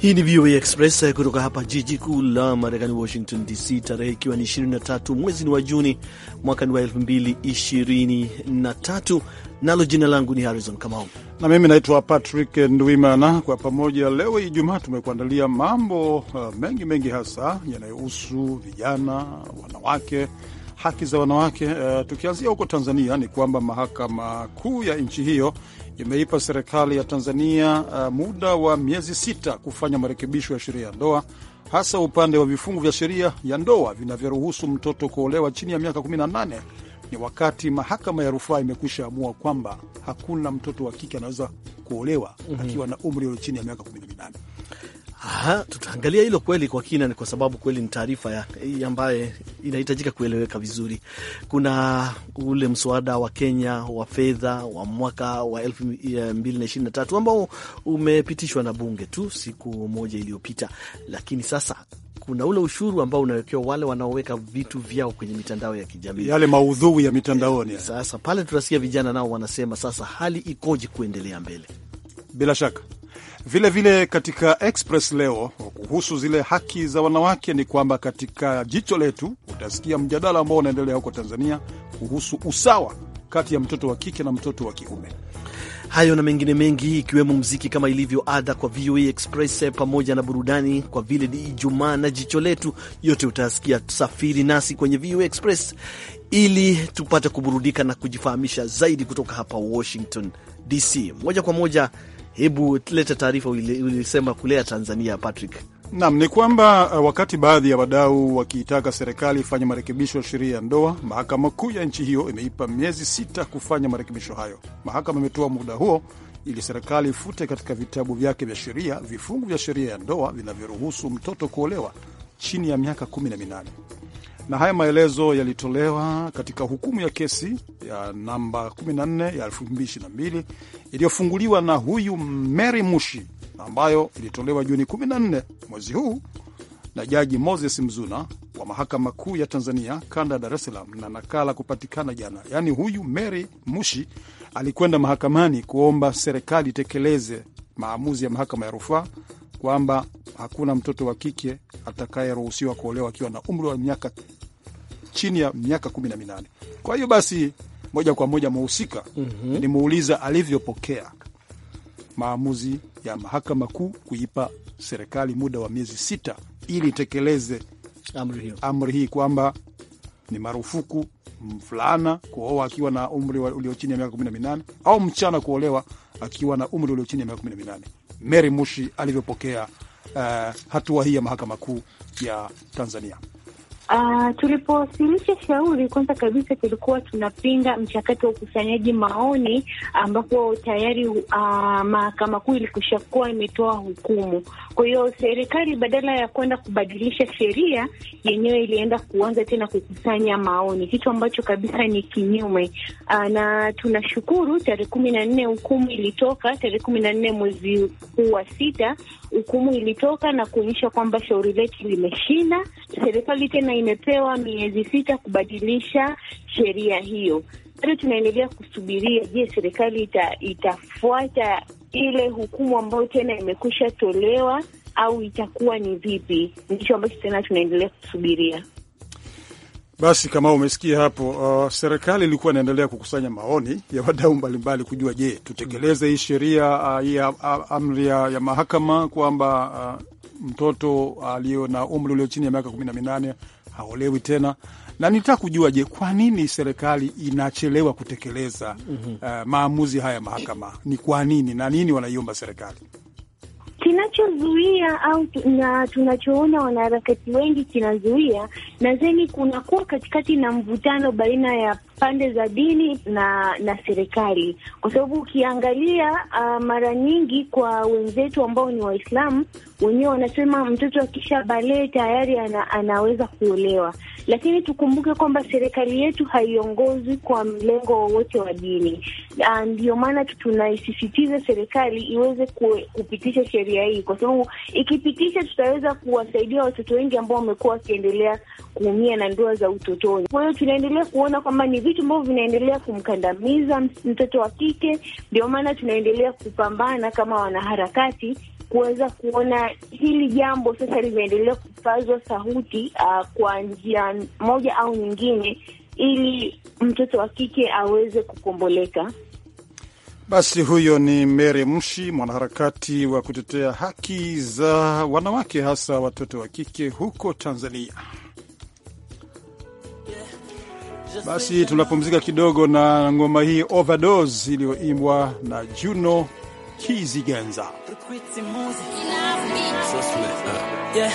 Hii ni VOA Express kutoka hapa jiji kuu la Marekani, Washington DC, tarehe ikiwa ni 23 mwezi ni wa Juni mwaka ni wa 2023. Nalo jina langu ni Harrison Kamau na mimi naitwa Patrick Ndwimana. Kwa pamoja leo Ijumaa tumekuandalia mambo uh, mengi mengi, hasa yanayohusu vijana, wanawake, haki za wanawake. Uh, tukianzia huko Tanzania ni kwamba mahakama kuu ya nchi hiyo imeipa serikali ya Tanzania uh, muda wa miezi sita kufanya marekebisho ya sheria ya ndoa, hasa upande wa vifungu vya sheria ya ndoa vinavyoruhusu mtoto kuolewa chini ya miaka 18. Ni wakati mahakama ya rufaa imekwisha amua kwamba hakuna mtoto wa kike anaweza kuolewa mm -hmm. akiwa na umri ulio chini ya miaka 18. Aha, tutaangalia hilo kweli kwa kina, ni kwa sababu kweli ni taarifa ambaye inahitajika kueleweka vizuri. Kuna ule mswada wa Kenya wa fedha wa mwaka wa elfu mbili na ishirini na tatu ambao umepitishwa na bunge tu siku moja iliyopita, lakini sasa kuna ule ushuru ambao unawekewa wale wanaoweka vitu vyao kwenye mitandao ya kijamii, yale maudhui ya mitandaoni. Sasa pale tunasikia vijana nao wanasema, sasa hali ikoje kuendelea mbele? Bila shaka Vilevile vile katika Express leo kuhusu zile haki za wanawake ni kwamba katika jicho letu utasikia mjadala ambao unaendelea huko Tanzania kuhusu usawa kati ya mtoto wa kike na mtoto wa kiume. Hayo na mengine mengi ikiwemo mziki kama ilivyo ada kwa VOA e Express eh, pamoja na burudani, kwa vile ni Ijumaa na jicho letu, yote utasikia. Safiri nasi kwenye VOA e Express ili tupate kuburudika na kujifahamisha zaidi kutoka hapa Washington DC moja kwa moja. Hebu leta taarifa ulisema kulea Tanzania, Patrick. Nam, ni kwamba uh, wakati baadhi ya wadau wakiitaka serikali ifanye marekebisho ya sheria ya ndoa, mahakama kuu ya nchi hiyo imeipa miezi sita kufanya marekebisho hayo. Mahakama imetoa muda huo ili serikali ifute katika vitabu vyake vya sheria vifungu vya sheria ya ndoa vinavyoruhusu mtoto kuolewa chini ya miaka kumi na minane na haya maelezo yalitolewa katika hukumu ya kesi ya namba 14 ya 2022 iliyofunguliwa na huyu Mary Mushi ambayo ilitolewa Juni 14 mwezi huu na Jaji Moses Mzuna wa Mahakama Kuu ya Tanzania kanda ya Dar es Salaam, na nakala kupatikana jana. Yaani huyu Mary Mushi alikwenda mahakamani kuomba serikali itekeleze maamuzi ya mahakama ya rufaa kwamba hakuna mtoto wa kike atakayeruhusiwa kuolewa akiwa na umri wa miaka chini ya miaka kumi na minane. Kwa hiyo basi moja kwa moja mhusika mm -hmm. nimuuliza alivyopokea maamuzi ya mahakama kuu kuipa serikali muda wa miezi sita ili itekeleze amri hii kwamba ni marufuku mfulana kuoa akiwa na umri ulio chini ya miaka kumi na minane au mchana kuolewa akiwa na umri ulio chini ya miaka kumi na minane. Mary Mushi alivyopokea uh, hatua hii ya mahakama kuu ya Tanzania. Uh, tulipowasilisha shauri, kwanza kabisa tulikuwa tunapinga mchakato wa ukusanyaji maoni ambapo tayari uh, mahakama kuu ilikusha kuwa imetoa hukumu. Kwa hiyo serikali badala ya kwenda kubadilisha sheria yenyewe ilienda kuanza tena kukusanya maoni, kitu ambacho kabisa ni kinyume uh, na tunashukuru tarehe kumi na nne hukumu ilitoka tarehe kumi na nne mwezi huu wa sita, hukumu ilitoka na kuonyesha kwamba shauri letu limeshinda serikali tena imepewa miezi sita kubadilisha sheria hiyo. Bado tunaendelea kusubiria, je, serikali ita, itafuata ile hukumu ambayo tena imekwisha tolewa au itakuwa ni vipi? Ndicho ambacho tena tunaendelea kusubiria. Basi kama umesikia hapo, uh, serikali ilikuwa inaendelea kukusanya maoni ya wadau mbalimbali kujua, je, tutekeleze hii sheria uh, hii uh, amri ya mahakama kwamba uh, mtoto aliyo na umri ulio chini ya miaka kumi na minane haolewi tena, na nitaka kujua, je, kwa nini serikali inachelewa kutekeleza mm -hmm. uh, maamuzi haya mahakama ni kwa nini na nini wanaiomba serikali? Kinachozuia au na tunachoona wanaharakati wengi kinazuia, nadhani kunakuwa katikati na mvutano baina ya pande za dini na na serikali, kwa sababu ukiangalia uh, mara nyingi kwa wenzetu ambao ni Waislamu wenyewe wanasema mtoto akisha balee tayari ana, anaweza kuolewa, lakini tukumbuke kwamba serikali yetu haiongozwi kwa mlengo wowote wa dini. Ah, Ndiyo maana tunaisisitiza serikali iweze kue, kupitisha sheria hii, kwa sababu ikipitisha, tutaweza kuwasaidia watoto wengi ambao wamekuwa wakiendelea kuumia na ndoa za utotoni. Kwa hiyo tunaendelea kuona kwamba ni vitu ambavyo vinaendelea kumkandamiza mtoto wa kike. Ndio maana tunaendelea kupambana kama wanaharakati kuweza kuona hili jambo sasa limeendelea kupazwa sauti uh, kwa njia moja au nyingine, ili mtoto wa kike aweze kukomboleka. Basi huyo ni Mary Mshi, mwanaharakati wa kutetea haki za wanawake, hasa watoto wa kike huko Tanzania. Basi tunapumzika kidogo na ngoma hii Overdose iliyoimbwa na Juno Keezy uh. Yeah,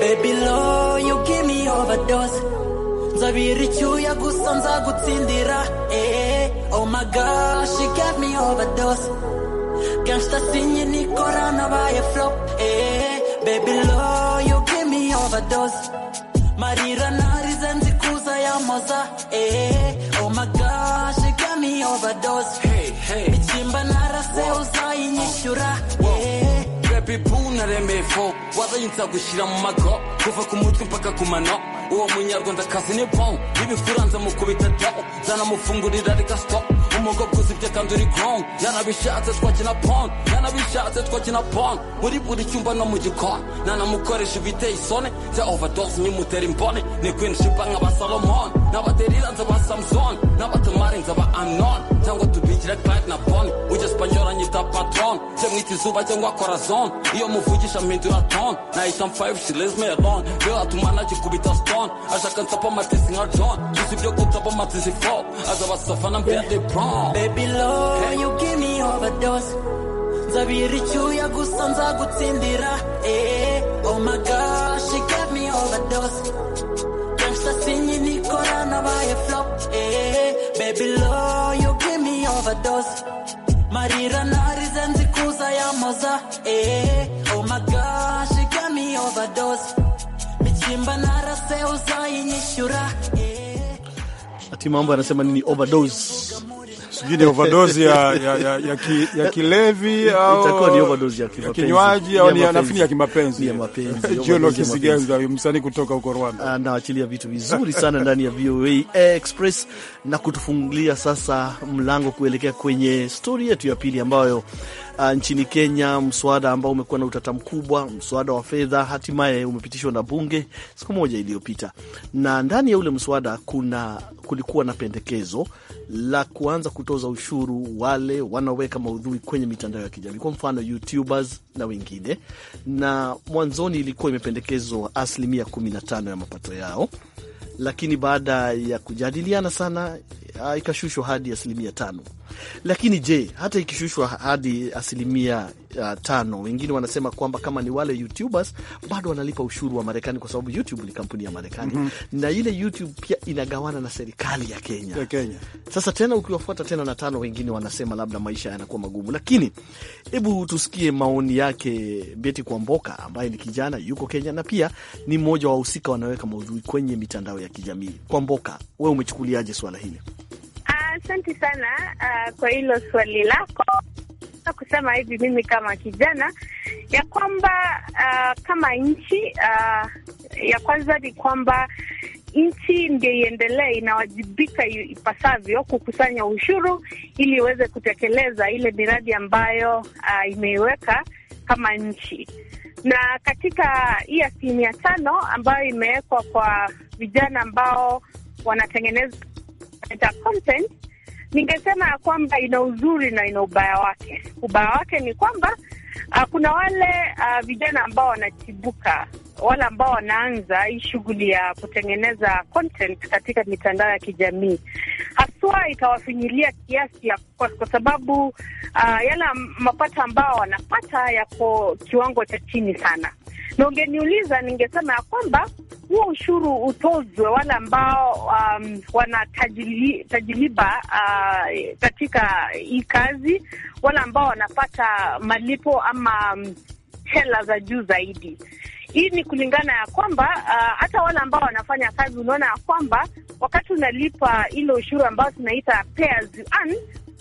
baby low, you give me overdose. nzabiricyuya gusa nzagutsindira eh oh my God, she gave me overdose kenshi tasinye nikora ya flop eh, baby low you give me overdose marira narize nzikuza ya eh oh my God, she gave me overdose hey hey yarase uzayinyishyura repipu na remefo warayinsa gushyira mu mago kuva ku mutwe mpaka ku mano uwo munyarwandakazi ni bo n'ibikuranza mu kubita do zanamufungurira reka sitopu umwuga bwose byakandura igorondo yanabishatse twakina pond yanabishatse twakina pond muri buri cyumba no mu gikoni nanamukoresha ibiteye isoni bya overdose nkimutera imboni ni kwinjiba nk'aba salomon n'abateriranze ba samson n'abatumarinze ba anon cyangwa tubigira clyde na poni ujyesipanyora nyita patron cye mwita izuba cyangwa kora zone iyo muvugisha mpindura ton nahita mfayive shilezme alone rero atuma nagikubita stone ashaka nsapa amatisi nka john gusa ibyo gutapa amatisi fo aza basafana mbere de prom baby love can you give me overdose zabiri chuya gusanza gutsindira eh oh my god she gave me overdose gangsta singi sinyi nikora nabaye flop eh baby love you give me overdose marira kuza ya yamoza eh oh my god she gave me overdose michimba narase uzayinyishura eh. ati mambo anasema nini overdose sijui ni overdose ya, ya, ya, ya, ki, ya kilevi au itakuwa ni overdose ya kimapenzi, kinywaji au ni nafikiri ya kimapenzi ya mapenzi. Jolo Kisigenza, msanii kutoka huko Rwanda, anaachilia ah, vitu vizuri sana ndani ya VOA Express na kutufungulia sasa mlango kuelekea kwenye stori yetu ya pili ambayo uh, nchini Kenya, mswada ambao umekuwa na utata mkubwa, mswada wa fedha, hatimaye umepitishwa na bunge siku moja iliyopita, na ndani ya ule mswada kuna kulikuwa na pendekezo la kuanza kutoza ushuru wale wanaoweka maudhui kwenye mitandao ya kijamii, kwa mfano YouTubers na wengine, na mwanzoni ilikuwa imependekezwa asilimia 15 ya mapato yao lakini baada ya kujadiliana sana ah, ikashushwa hadi asilimia tano. Lakini je, hata ikishushwa hadi asilimia uh, tano. Wengine wanasema kwamba kama ni wale YouTubers bado wanalipa ushuru wa Marekani kwa sababu YouTube ni kampuni ya Marekani mm -hmm. na ile YouTube pia inagawana na serikali ya Kenya, ya Kenya. Sasa tena ukiwafuata tena na tano, wengine wanasema labda maisha yanakuwa magumu, lakini hebu tusikie maoni yake Beti Kwamboka ambaye ni kijana yuko Kenya na pia ni mmoja wa wahusika wanaweka maudhui kwenye mitandao ya kijamii. Kwamboka, wewe umechukuliaje swala hili? Asante sana uh, kwa hilo swali lako naweza kusema hivi mimi kama kijana ya kwamba uh, kama nchi uh, ya kwanza ni kwamba nchi ndio iendelee inawajibika ipasavyo kukusanya ushuru ili iweze kutekeleza ile miradi ambayo uh, imeiweka kama nchi na katika hii asilimia tano ambayo imewekwa kwa vijana ambao wanatengeneza content Ningesema ya kwamba ina uzuri na ina ubaya wake. Ubaya wake ni kwamba uh, kuna wale uh, vijana ambao wanachibuka, wale ambao wanaanza hii shughuli ya kutengeneza content katika mitandao ya kijamii, haswa itawafinyilia kiasi ya kwa, kwa sababu uh, yale mapato ambao wanapata yako kiwango cha chini sana, na ungeniuliza ningesema ya kwamba huo ushuru utozwe wale ambao um, wana tajiliba uh, katika hii kazi, wale ambao wanapata malipo ama um, hela za juu zaidi. Hii ni kulingana ya kwamba uh, hata wale ambao wanafanya kazi, unaona ya kwamba wakati unalipa ile ushuru ambao tunaita pay as you earn,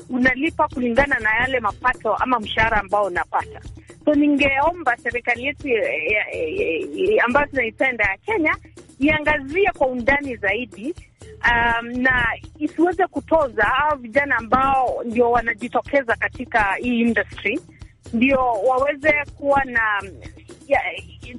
unalipa kulingana na yale mapato ama mshahara ambao unapata. So ningeomba serikali yetu ambayo tunaipenda ya Kenya iangazie kwa undani zaidi um, na isiweze kutoza au vijana ambao ndio wanajitokeza katika hii industry ndio waweze kuwa na ya,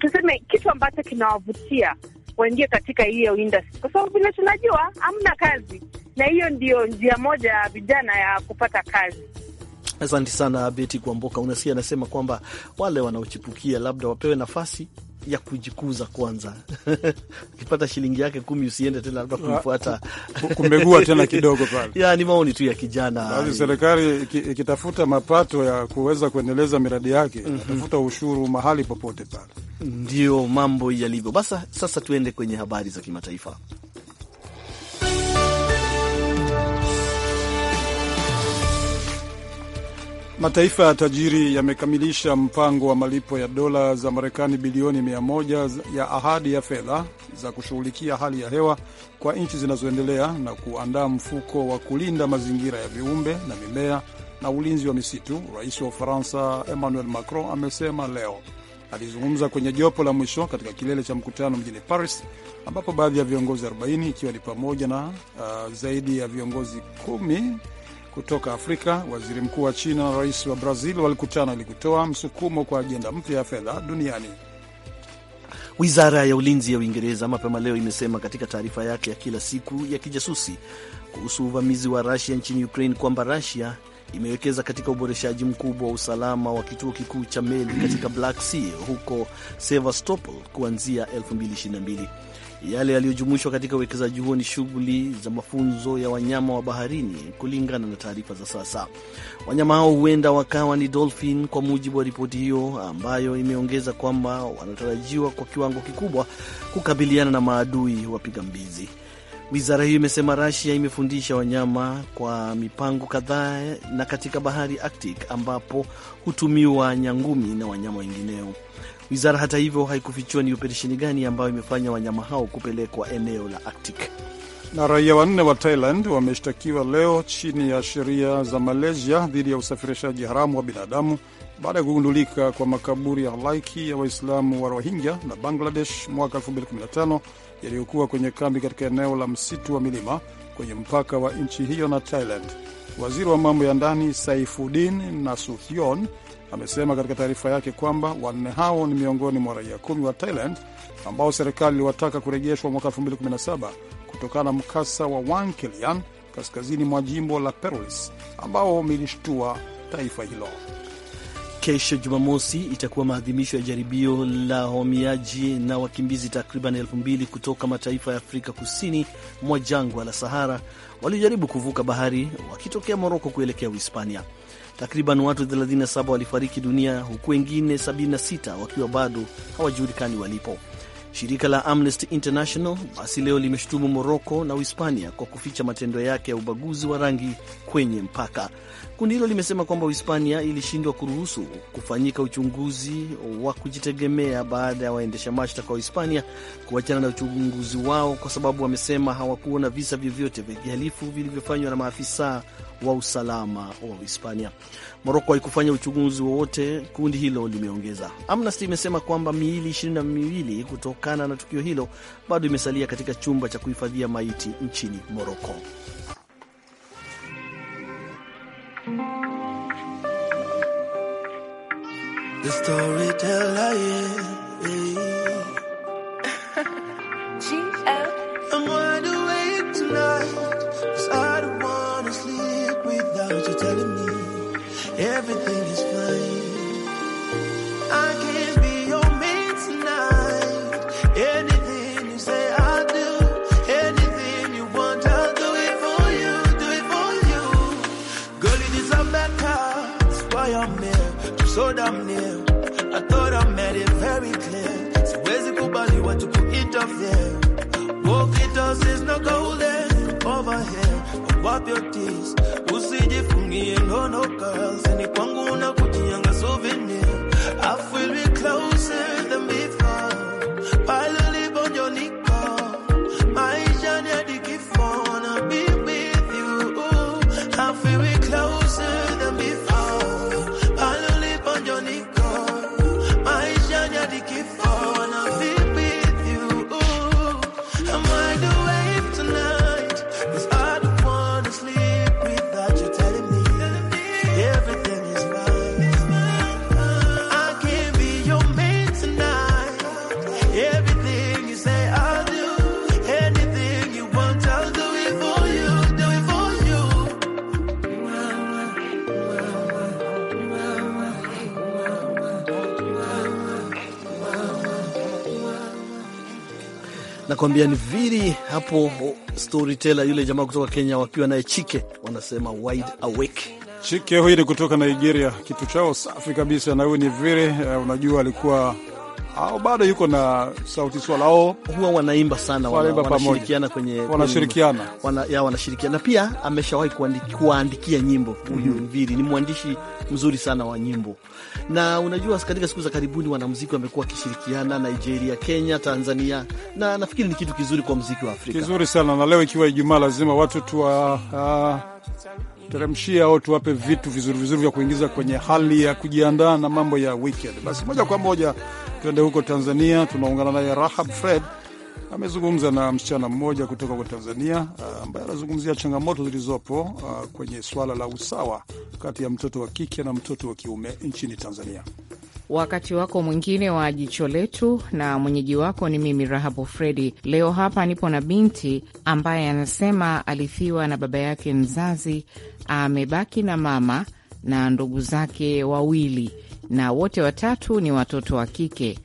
tuseme kitu ambacho kinawavutia waingie katika hiyo industry, kwa sababu vile tunajua hamna kazi, na hiyo ndio njia moja ya vijana ya kupata kazi. Asante sana Beti Kuamboka. Unasikia anasema kwamba wale wanaochipukia labda wapewe nafasi ya kujikuza kwanza. Ukipata shilingi yake kumi usiende tena labda kumfuata kumbegua tena kidogo pale. Ya, ni maoni tu ya kijana. Basi serikali ikitafuta mapato ya kuweza kuendeleza miradi yake mm -hmm. ushuru mahali popote pale, ndio mambo yalivyo. Basa sasa tuende kwenye habari za kimataifa. Mataifa ya tajiri yamekamilisha mpango wa malipo ya dola za Marekani bilioni 100 ya ahadi ya fedha za kushughulikia hali ya hewa kwa nchi zinazoendelea na kuandaa mfuko wa kulinda mazingira ya viumbe na mimea na ulinzi wa misitu. Rais wa Ufaransa Emmanuel Macron amesema leo. Alizungumza kwenye jopo la mwisho katika kilele cha mkutano mjini Paris, ambapo baadhi ya viongozi 40 ikiwa ni pamoja na uh, zaidi ya viongozi kumi kutoka Afrika, waziri mkuu wa China na rais wa Brazil walikutana ili kutoa msukumo kwa ajenda mpya ya fedha duniani. Wizara ya ulinzi ya Uingereza mapema leo imesema katika taarifa yake ya kila siku ya kijasusi kuhusu uvamizi wa Rusia nchini Ukraine kwamba Rusia imewekeza katika uboreshaji mkubwa wa usalama wa kituo kikuu cha meli katika Black Sea huko Sevastopol kuanzia 2022. Yale yaliyojumuishwa katika uwekezaji huo ni shughuli za mafunzo ya wanyama wa baharini. Kulingana na taarifa za sasa, wanyama hao huenda wakawa ni dolphin, kwa mujibu wa ripoti hiyo ambayo imeongeza kwamba wanatarajiwa kwa kiwango kikubwa kukabiliana na maadui wapiga mbizi. Wizara hiyo imesema Rasia imefundisha wanyama kwa mipango kadhaa na katika bahari Arctic ambapo hutumiwa nyangumi na wanyama wengineo. Wizara hata hivyo haikufichua ni operesheni gani ambayo imefanya wanyama hao kupelekwa eneo la Arctic. Na raia wanne wa Thailand wameshtakiwa leo chini ya sheria za Malaysia dhidi ya usafirishaji haramu wa binadamu baada ya kugundulika kwa makaburi ya halaiki ya Waislamu wa Rohingya na Bangladesh mwaka 2015 yaliyokuwa kwenye kambi katika eneo la msitu wa milima kwenye mpaka wa nchi hiyo na Thailand. Waziri wa mambo ya ndani Saifuddin Nasution amesema katika taarifa yake kwamba wanne hao ni miongoni mwa raia kumi wa Thailand ambao serikali iliwataka kurejeshwa mwaka 2017 kutokana na mkasa wa Wankelian kaskazini mwa jimbo la Perlis ambao milishtua taifa hilo. Kesho Jumamosi itakuwa maadhimisho ya jaribio la wahamiaji na wakimbizi takriban elfu mbili kutoka mataifa ya Afrika kusini mwa jangwa la Sahara waliojaribu kuvuka bahari wakitokea Moroko kuelekea Uhispania. Takriban watu 37 walifariki dunia huku wengine 76 wakiwa bado hawajulikani walipo. Shirika la Amnesty International basi leo limeshutumu Moroko na Uhispania kwa kuficha matendo yake ya ubaguzi wa rangi kwenye mpaka. Kundi hilo limesema kwamba Uhispania ilishindwa kuruhusu kufanyika uchunguzi wa kujitegemea baada ya waendesha mashtaka wa Uhispania kuachana na uchunguzi wao kwa sababu wamesema hawakuona visa vyovyote vya kihalifu vilivyofanywa na maafisa wa usalama wa Uhispania. Moroko haikufanya uchunguzi wowote, kundi hilo limeongeza. Amnesty imesema kwamba miili ishirini na miwili kutokana na tukio hilo bado imesalia katika chumba cha kuhifadhia maiti nchini Moroko. pages, usijifungie nono kazi anakuambia ni viri hapo storyteller yule jamaa kutoka Kenya wakiwa naye Chike wanasema wide awake. Chike huyu ni kutoka Nigeria, kitu chao safi kabisa, na huyu ni viri Uh, eh, unajua alikuwa au bado yuko na sauti swala ao, huwa wanaimba sana, wanashirikiana kwenye wanashirikiana wana, ya wanashirikiana pia. Ameshawahi kuandikia nyimbo huyu mm -hmm. Mviri ni mwandishi mzuri sana wa nyimbo, na unajua katika siku za karibuni wanamuziki wamekuwa wakishirikiana Nigeria, Kenya, Tanzania, na nafikiri ni kitu kizuri kwa muziki wa Afrika, kizuri sana. Na leo ikiwa Ijumaa, lazima watu tuwa uh, teremshia au tuwape vitu vizuri vizuri vya kuingiza kwenye hali ya kujiandaa na mambo ya weekend. Basi moja kwa moja tuende huko Tanzania, tunaungana naye Rahab Fred amezungumza na msichana mmoja kutoka kwa Tanzania ah, ambaye anazungumzia changamoto zilizopo ah, kwenye suala la usawa kati ya mtoto wa kike na mtoto wa kiume nchini Tanzania. Wakati wako mwingine wa jicho letu, na mwenyeji wako ni mimi Rahabu Fredi. Leo hapa nipo na binti ambaye anasema alithiwa na baba yake mzazi, amebaki na mama na ndugu zake wawili, na wote watatu ni watoto wa kike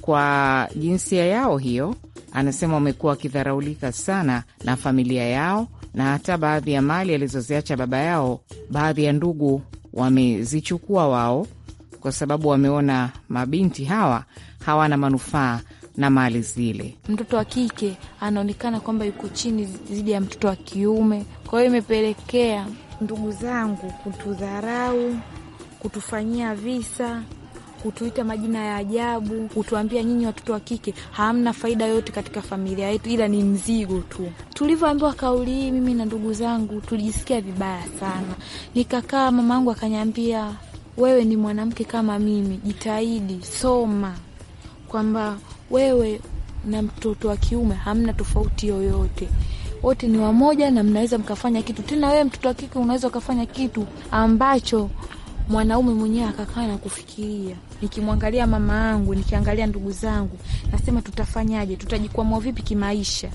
kwa jinsia yao hiyo. Anasema wamekuwa wakidharaulika sana na familia yao, na hata baadhi ya mali alizoziacha baba yao, baadhi ya ndugu wamezichukua wao, kwa sababu wameona mabinti hawa hawana manufaa na mali zile. Mtoto wa kike anaonekana kwamba yuko chini dhidi ya mtoto wa kiume, kwa hiyo imepelekea ndugu zangu kutudharau, kutufanyia visa kutuita majina ya ajabu, kutuambia nyinyi watoto wa kike hamna faida yote katika familia yetu, ila ni mzigo tu. Tulivyoambiwa kauli hii, mimi na ndugu zangu tulijisikia vibaya sana. Nikakaa, mamangu akanyambia, wewe ni mwanamke kama mimi, jitahidi soma, kwamba wewe na mtoto wa kiume hamna tofauti yoyote wote ni wamoja na mnaweza mkafanya kitu. Tena wewe mtoto wa kike unaweza ukafanya kitu ambacho mwanaume mwenyewe akakaa na kufikiria nikimwangalia mama yangu, nikiangalia ndugu zangu, nasema tutafanyaje, tutajikwamua vipi kimaisha?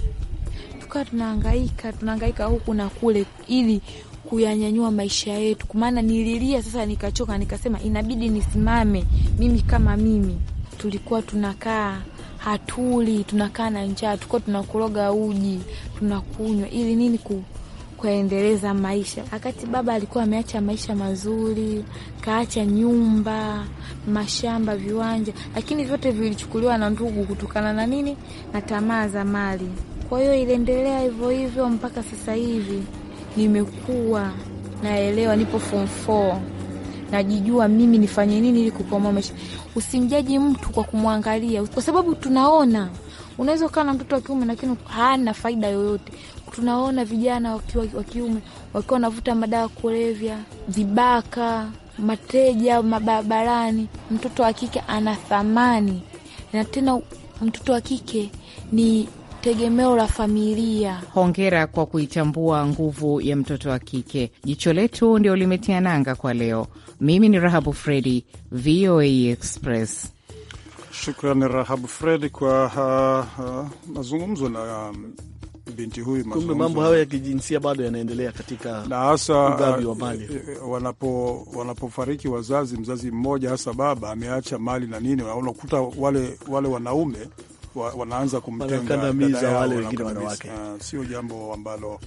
Tukawa tunaangaika tunaangaika huku na kule, ili kuyanyanyua maisha yetu. Maana nililia sasa, nikachoka, nikasema inabidi nisimame mimi kama mimi. Tulikuwa tunakaa hatuli, tunakaa na njaa, tukuwa tunakuroga uji tunakunywa, ili nini ku kuendeleza maisha, wakati baba alikuwa ameacha maisha mazuri, kaacha nyumba, mashamba, viwanja, lakini vyote vilichukuliwa na ndugu kutokana na nini? Na tamaa za mali. Kwa hiyo iliendelea hivyo hivyo mpaka sasa hivi nimekuwa naelewa, nipo form four, najijua mimi nifanye nini ili kukomoa maisha. Usimjaji mtu kwa kumwangalia, kwa sababu tunaona unaweza ukaa na mtoto wa kiume lakini hana faida yoyote tunaona vijana wa kiume wakiwa wanavuta madawa kulevya, vibaka, mateja mabarabarani. Mtoto wa kike ana thamani, na tena mtoto wa kike ni tegemeo la familia. Hongera kwa kuitambua nguvu ya mtoto wa kike. Jicho letu ndio limetia nanga kwa leo. Mimi ni Rahabu Fredi, VOA Express. Shukrani Rahabu Fredi kwa uh, uh, mazungumzo na um, binti huyu. Kumbe mambo hayo ya kijinsia bado yanaendelea katika na hasa ugavi wa mali. Eh, eh, wanapo wanapofariki wazazi, mzazi mmoja hasa baba ameacha mali na nini, unakuta wale wale wanaume wa, wanaanza kumtenga wale wengine wanawake. Ah, sio jambo ambalo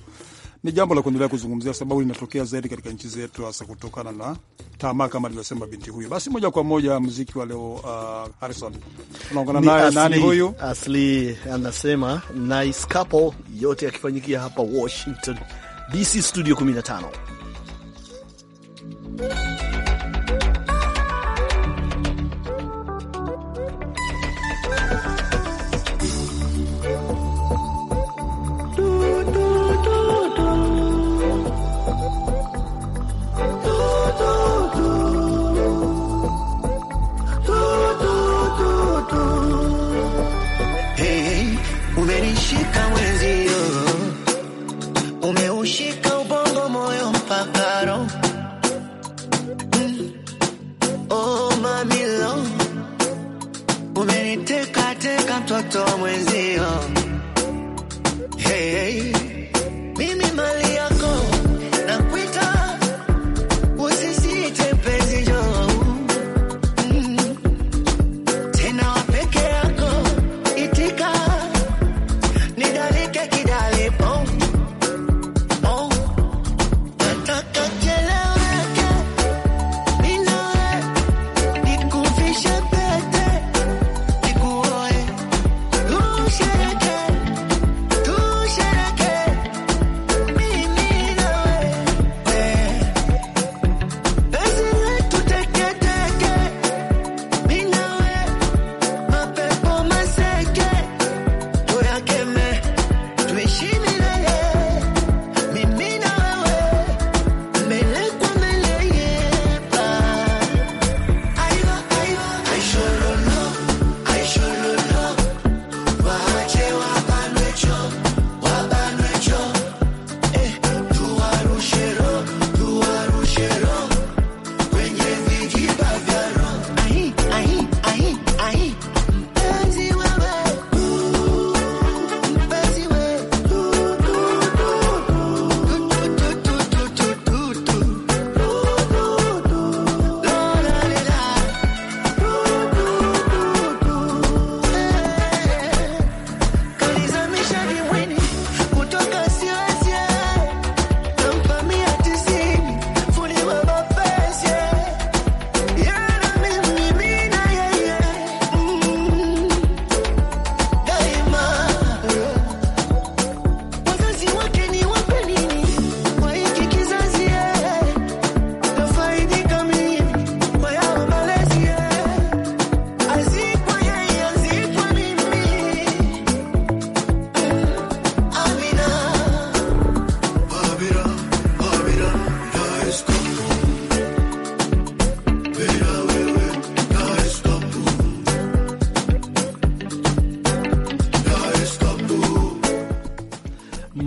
ni jambo la kuendelea kuzungumzia, sababu linatokea zaidi katika nchi zetu, hasa kutokana na tamaa kama alivyosema binti huyu. Basi moja kwa moja muziki wa leo, uh, Harrison unaongana naye nani huyu? Asli anasema nice couple, yote yakifanyikia hapa Washington DC, studio 15.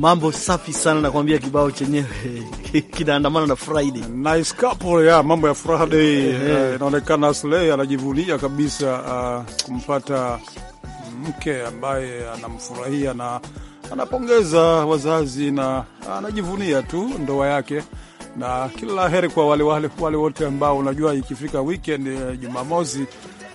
mambo safi sana, nakwambia kibao chenyewe kinaandamana na Friday. Nice couple ya mambo ya Friday eh, inaonekana yeah. Slay anajivunia kabisa uh, kumpata mke ambaye anamfurahia na anapongeza wazazi na anajivunia tu ndoa yake na kila la heri kwa wale wale wale wote ambao unajua, ikifika weekend eh, Jumamosi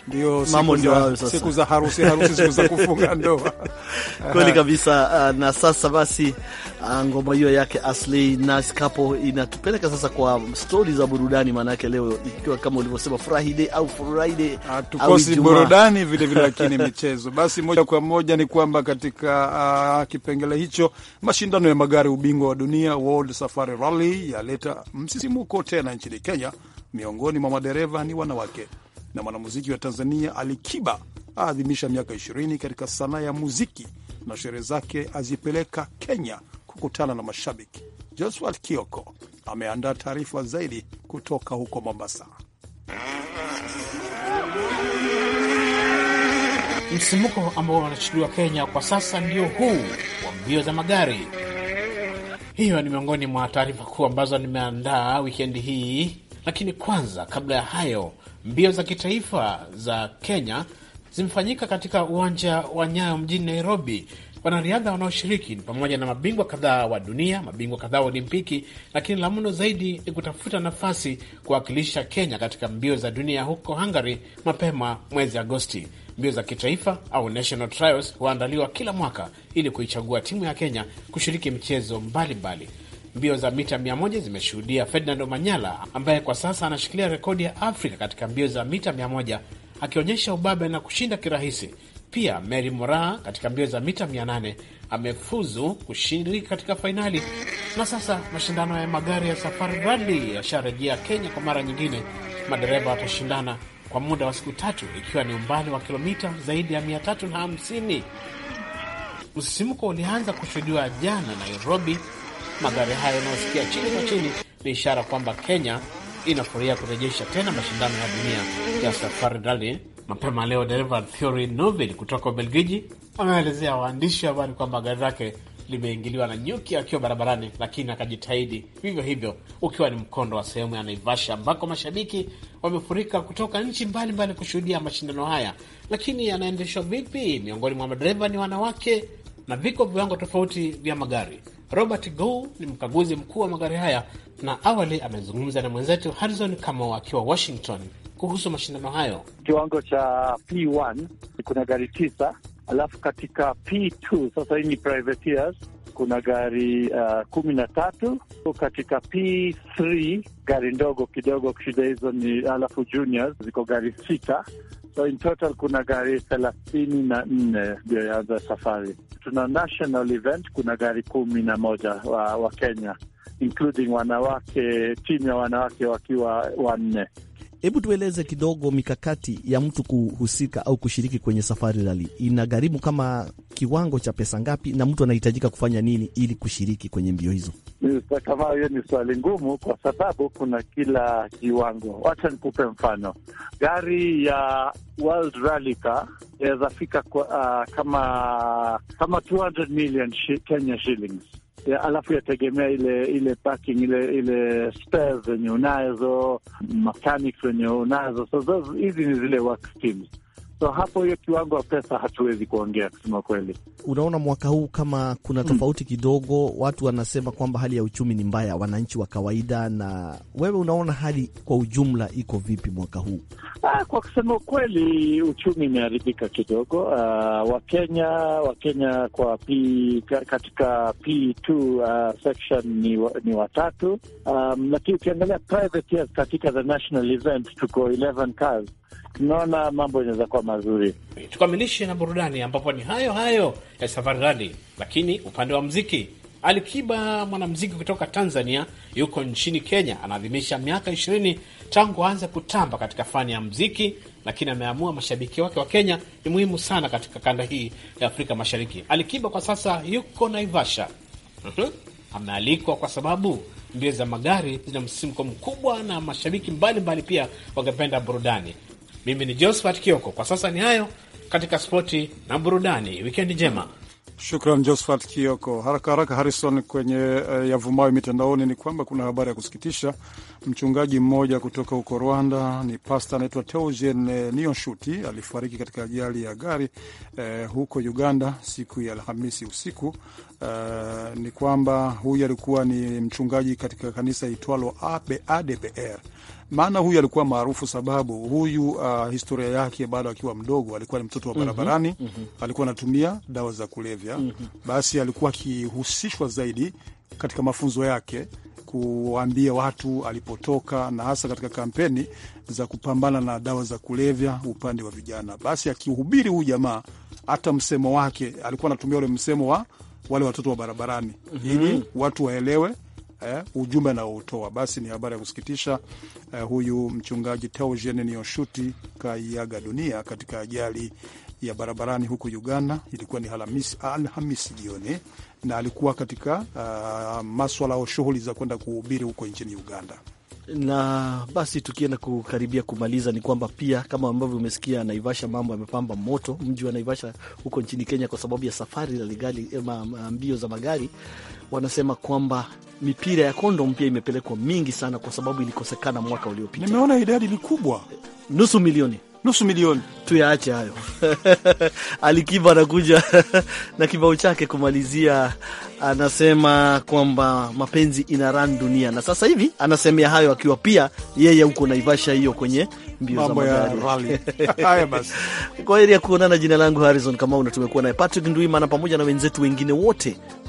ndio mambo ndio hayo sasa, siku za harusi harusi, siku za kufunga ndoa kweli kabisa. Uh, na sasa basi, uh, ngoma hiyo yake Asley Nas Kapo inatupeleka sasa kwa stori za burudani, maana yake leo ikiwa kama ulivyosema Friday au Friday, tukosi burudani vile vile lakini michezo. Basi moja kwa moja ni kwamba katika uh, kipengele hicho mashindano ya magari ubingwa wa dunia World Safari Rally yaleta msisimuko tena nchini Kenya, miongoni mwa madereva ni wanawake na mwanamuziki wa Tanzania Ali Kiba aadhimisha miaka 20 katika sanaa ya muziki na sherehe zake azipeleka Kenya kukutana na mashabiki. Josphat Kioko ameandaa taarifa zaidi kutoka huko Mombasa. Msimuko ambao wanachukuliwa Kenya kwa sasa ndio huu wa mbio za magari. Hiyo ni miongoni mwa taarifa kuu ambazo nimeandaa wikendi hii, lakini kwanza, kabla ya hayo, Mbio za kitaifa za Kenya zimefanyika katika uwanja wa Nyayo mjini Nairobi. Wanariadha wanaoshiriki ni pamoja na mabingwa kadhaa wa dunia, mabingwa kadhaa wa Olimpiki, lakini la mno zaidi ni kutafuta nafasi kuwakilisha Kenya katika mbio za dunia huko Hungary mapema mwezi Agosti. Mbio za kitaifa au national trials huandaliwa kila mwaka ili kuichagua timu ya Kenya kushiriki michezo mbalimbali mbali. Mbio za mita 100 zimeshuhudia Ferdinando Manyala ambaye kwa sasa anashikilia rekodi ya Afrika katika mbio za mita 100 akionyesha ubabe na kushinda kirahisi. Pia Mary mora katika mbio za mita 800 amefuzu kushiriki katika fainali, na sasa mashindano ya magari ya safari rali yasharejea Kenya kwa mara nyingine. Madereva watashindana kwa muda wa siku tatu, ikiwa ni umbali wa kilomita zaidi ya 350. Msisimko ulianza kushuhudiwa jana Nairobi Magari hayo yanayosikia chini kwa chini ni ishara kwamba Kenya inafurahia kurejesha tena mashindano ya dunia ya safari rali. Mapema leo dereva Thierry Neuville kutoka Ubelgiji anaelezea waandishi wa habari kwamba gari lake limeingiliwa na nyuki akiwa barabarani, lakini akajitahidi vivyo hivyo, ukiwa ni mkondo wa sehemu ya Naivasha ambako mashabiki wamefurika kutoka nchi mbalimbali kushuhudia mashindano haya. Lakini yanaendeshwa vipi? Miongoni mwa madereva ni wanawake na viko viwango tofauti vya magari. Robert Gow ni mkaguzi mkuu wa magari haya, na awali amezungumza na mwenzetu Harrison Kamau akiwa Washington kuhusu mashindano hayo. Kiwango cha P1 kuna gari tisa, alafu katika P2 sasa hii ni privateers kuna gari uh, kumi na tatu katika P3 gari ndogo kidogo kushinda hizo ni alafu juniors ziko gari sita So in total kuna gari thelathini na nne iliyoanza safari. Tuna national event, kuna gari kumi na moja wa, wa Kenya including wanawake, timu ya wanawake wakiwa wanne Hebu tueleze kidogo mikakati ya mtu kuhusika au kushiriki kwenye safari rali, inagharimu kama kiwango cha pesa ngapi, na mtu anahitajika kufanya nini ili kushiriki kwenye mbio hizo? Kama hiyo ni swali ngumu, kwa sababu kuna kila kiwango. Wacha nikupe mfano, gari ya World Rally Car inaweza fika uh, kama kama 200 million Kenya shillings ya, eh, alafu yategemea ile ile parking, ile ile spares zenye unazo, mechanics wenye unazo. So hizi ni zile work teams. So hapo hiyo kiwango ya pesa hatuwezi kuongea kusema kweli. Unaona, mwaka huu kama kuna hmm. tofauti mm, kidogo. Watu wanasema kwamba hali ya uchumi ni mbaya, wananchi wa kawaida. Na wewe unaona hali kwa ujumla iko vipi mwaka huu? Ah, kwa kusema ukweli uchumi imeharibika kidogo. Uh, Wakenya Wakenya kwa P, katika P2 uh, ah, section ni, ni watatu, um, lakini ukiangalia private years katika the national event tuko 11 cars tunaona mambo inaweza kuwa mazuri. Tukamilishe na burudani, ambapo ni hayo hayo ya Safari Rali, lakini upande wa mziki Alikiba mwanamziki kutoka Tanzania yuko nchini Kenya, anaadhimisha miaka ishirini tangu aanze kutamba katika fani ya mziki, lakini ameamua mashabiki wake wa Kenya ni muhimu sana katika kanda hii ya Afrika Mashariki. Alikiba kwa sasa yuko Naivasha. Mhm. Amealikwa kwa sababu mbio za magari zina msisimko mkubwa na mashabiki mbalimbali mbali pia wangependa burudani. Mimi ni Josphat Kioko. Kwa sasa ni hayo katika spoti na burudani. Wikendi njema. Shukran Josphat Kioko. Haraka haraka, Harrison, kwenye uh, yavumayo mitandaoni ni kwamba kuna habari ya kusikitisha. Mchungaji mmoja kutoka huko Rwanda, ni pasta anaitwa Teugen Nioshuti, alifariki katika ajali ya gari uh, huko Uganda siku ya Alhamisi usiku. Uh, ni kwamba huyu alikuwa ni mchungaji katika kanisa itwalo ADPR maana huyu alikuwa maarufu sababu huyu uh, historia yake bado akiwa mdogo alikuwa ni mtoto wa mhm. barabarani. mm -hmm. Alikuwa anatumia dawa za kulevya. mm -hmm. Basi alikuwa akihusishwa zaidi katika mafunzo yake kuwaambia watu alipotoka na hasa katika kampeni za kupambana na dawa za kulevya upande wa vijana. Basi akihubiri huyu jamaa, hata msemo wake alikuwa anatumia ule msemo wa wale watoto wa barabarani, mm -hmm. ili watu waelewe eh, ujumbe anaoutoa. Basi ni habari ya kusikitisha eh, huyu mchungaji Teogene nioshuti kaiaga dunia katika ajali ya barabarani huku Uganda. Ilikuwa ni Alhamisi jioni na alikuwa katika uh, maswala au shughuli za kwenda kuhubiri huko nchini Uganda na basi tukienda kukaribia kumaliza, ni kwamba pia kama ambavyo umesikia, Naivasha mambo yamepamba moto, mji wa Naivasha huko nchini Kenya, kwa sababu ya safari la ama eh, mbio za magari wanasema kwamba mipira ya kondom pia imepelekwa mingi sana, kwa sababu ilikosekana mwaka uliopita. Nimeona idadi ni kubwa, nusu milioni nusu milioni. Tuyaache hayo. Alikiba anakuja na kibao chake kumalizia, anasema kwamba mapenzi ina ran dunia, na sasa hivi anasemea hayo akiwa pia yeye huko Naivasha hiyo kwenye mbio za magari. kwa heri ya kuonana. Jina langu Harrison Kamau na tumekuwa naye Patrick Nduimana pamoja na wenzetu wengine wote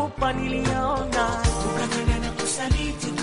nilikupa niliona, tukaenda na kusaliti